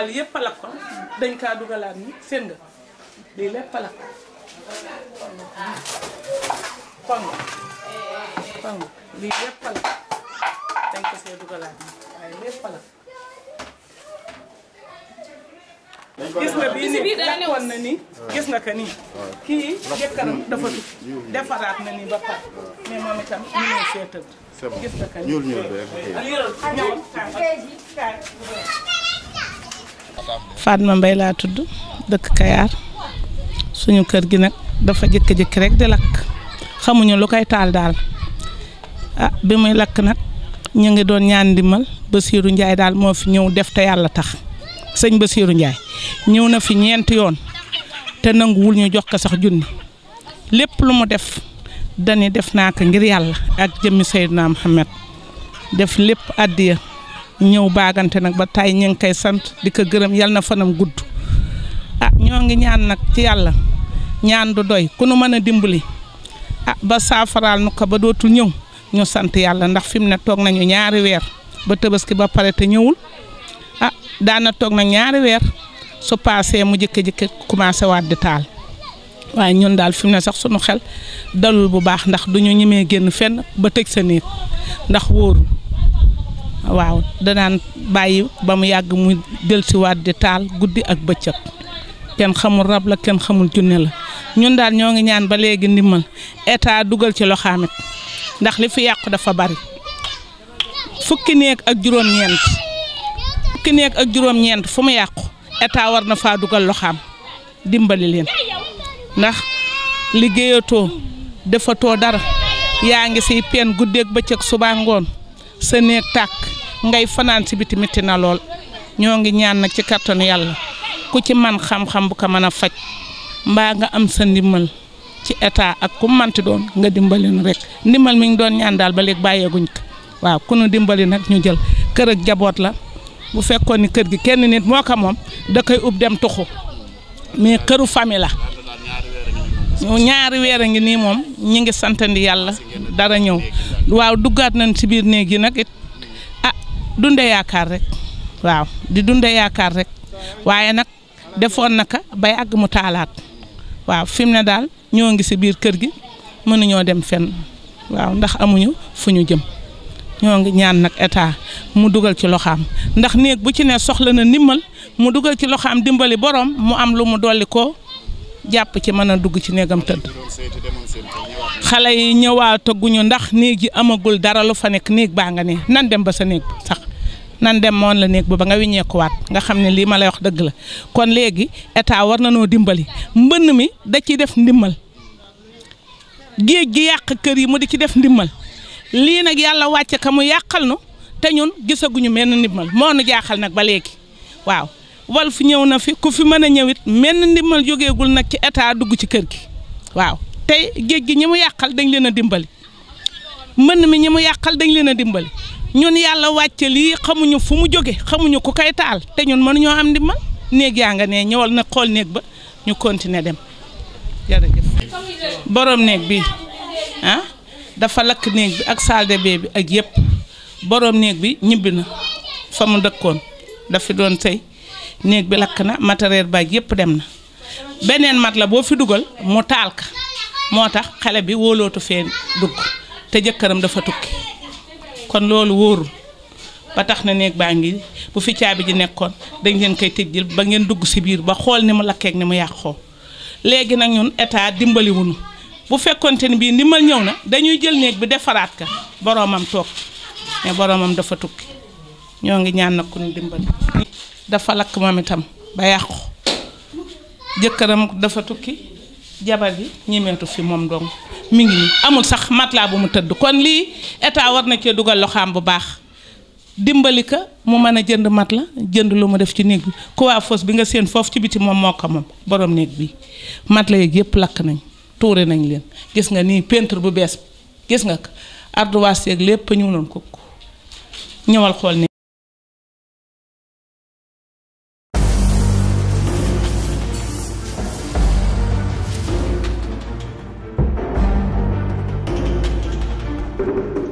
paal yëpp a lakkoon dañ kaa dugalaat ni seen nga lii lépp a lakkoon kon dañ ko see dugalaat ni waaye lépp a gis nga bii nii lakkoon na nii gis nga ka nii kii dafa tukki defaraat na nii ba pare mais moom itam ñu ngi seetal gis nga ka nii faat Fatma mbay laa tudd dëkk Kayar suñu kër gi nag dafa jëkk-jëkk rek di lakk xamuñu lu koy taal daal ah bi muy lakk nag ñu ngi doon ñaan ndimbal Basirou Ndiaye daal moo fi ñëw def te yàlla tax sëñ Basirou Ndiaye ñëw na fi ñeenti yoon te nanguwul ñu jox ko sax junni lépp lu mu def dani def naa ko ngir yàlla ak jëmmi Seydina Muhammad def lépp àddiya ñëw baagante nag ba tàyyi ñu ngi koy sant di ko gërëm yal na fanam gudd ah ñoo ngi ñaan nag ci yàlla ñaan du doy ku nu mën a dimbali ah ba saafaraal nu ko ba dootul ñëw ñu sant yàlla ndax fi mu ne toog nañu ñaari weer ba tabaski ba pare te ñëwul ah daana toog na ñaari weer su paasee mu jëkki-jëkki commencé waat di taal waaye ñun daal fi mu ne sax sunu xel dalul bu baax ndax duñu ñemee génn fenn ba tëj sa néeg ndax wóoru waaw danaan bàyyi ba mu yàgg mu dellusiwaat di taal guddi ak bëccëg kenn xamul rab la kenn xamul junne la ñun daal ñoo ngi ñaan ba léegi ndimbal état dugal ci loxaamit ndax li fi yàqu dafa bari fukki néeg ak juróom-ñeent fu mu yàqu état war na faa dugal loxaam dimbali leen ndax liggéeyatoo dafatoo dara yaa ngi siy peen guddeeg bëccëg subaa ngoon sa néeg tàkk ngay fanaan si biti métti na lool ñoo ngi ñaan nag ci kattanu yàlla ku ci man xam-xam bu ko mën a faj mbaa nga am sa ndimbal ci état ak ku manti doon nga dimbali nu rek ndimbal mi ngi doon ñaan daal ba léegi bàyyeeguñ ko waaw ku nu dimbali nag ñu jël kër ak jaboot la bu fekkoon ni kër gi kenn nit moo ko moom da koy ub dem tuxu mais këru famille la ñaari weer a ngi nii moom ñi ngi santandi yàlla dara ñëw waaw duggaat nañ ci biir néeg yi nag it ah, dunde yaakaar rekk waaw di dunde yaakaar rekk waaye nag defoon naka bay àgg mu taalaat waaw fim mu ne daal ñoo ngi si biir kër gi mënuñoo dem fenn waaw ndax amuñu fu ñu jëm ñoo ngi ñaan nag état mu dugal ci loxaam ndax néeg bu ci ne soxla na ndimmal mu dugal ci loxaam dimbali borom mu am lu mu dolli ko jàpp ci mën a dugg ci néegam tëdd xale yi ñëwaataguñu ndax néeg yi amagul dara lu fa nekk néeg baa nga ne nan dem ba sa néeg sax nan dem moon la néeg ba ba nga wiññeekuwaat nga xam ne lii ma lay wax dëgg la kon léegi état war na noo dimbali mbënn mi da ciy def ndimmal géej gi yàq kër yi mu di ci def ndimmal lii nag yàlla wàcce ka mu yàqal nu te ñun gisaguñu menn ndimmal moo nu jaaxal nag ba léegi waaw wal fi ñëw na fi ku fi mën a ñëw it menn ndimbal jógeegul nag ci état dugg ci kër gi waaw tey géej gi ñu mu yàqal dañ leen a dimbali mën mi ñu mu yàqal dañ leen a dimbali ñun yàlla wàcce lii xamuñu fu mu jóge xamuñu ku koy taal te ñun mënuñoo am ndimbal néeg yaa nga ne ñëwal na xool néeg ba ñu continuer dem jërëjëf borom néeg bi ah dafa lakk néeg bi ak salle de bain bi ak yëpp boroom néeg bi ñibbi na fa mu dëkkoon dafi doon tey néeg bi lakk na matériel baag yépp dem na beneen mat la boo fi dugal mu taal ka moo tax xale bi wóolootu fee dugg te jëkkëram dafa tukki kon loolu wóorul ba tax na néeg baa ngi bu fi caabi ji nekkoon dañ leen koy tëjjil ba ngeen dugg ci biir ba xool ni mu lakkeek ni mu yàqoo léegi nag ñun état dimbaliwunu bu fekkonte ni bii ndimbal ñëw na dañuy jël néeg bi defaraat ka boroomam toog mais boroomam dafa tukki ñoo ngi ñaan na ku ñu dimbali dafa lakk moom itam ba yàqu jëkkëram dafa tukki jabar bi ñemeetu fi moom dong mi ngi amul sax laa bu mu tëdd kon lii état war na cee dugal loxaam bu baax dimbali ka mu mën a jënd matelas jënd lu mu def ci néeg bi coiffeuse bi nga séen foofu ci biti moom moo ko moom borom néeg bi matelas yeeg yëpp lakk nañ tuure nañ leen gis nga nii peinture bu bees gis nga ko ardoise yeeg lépp ñëw nañ ko ñëwal xool ne thank you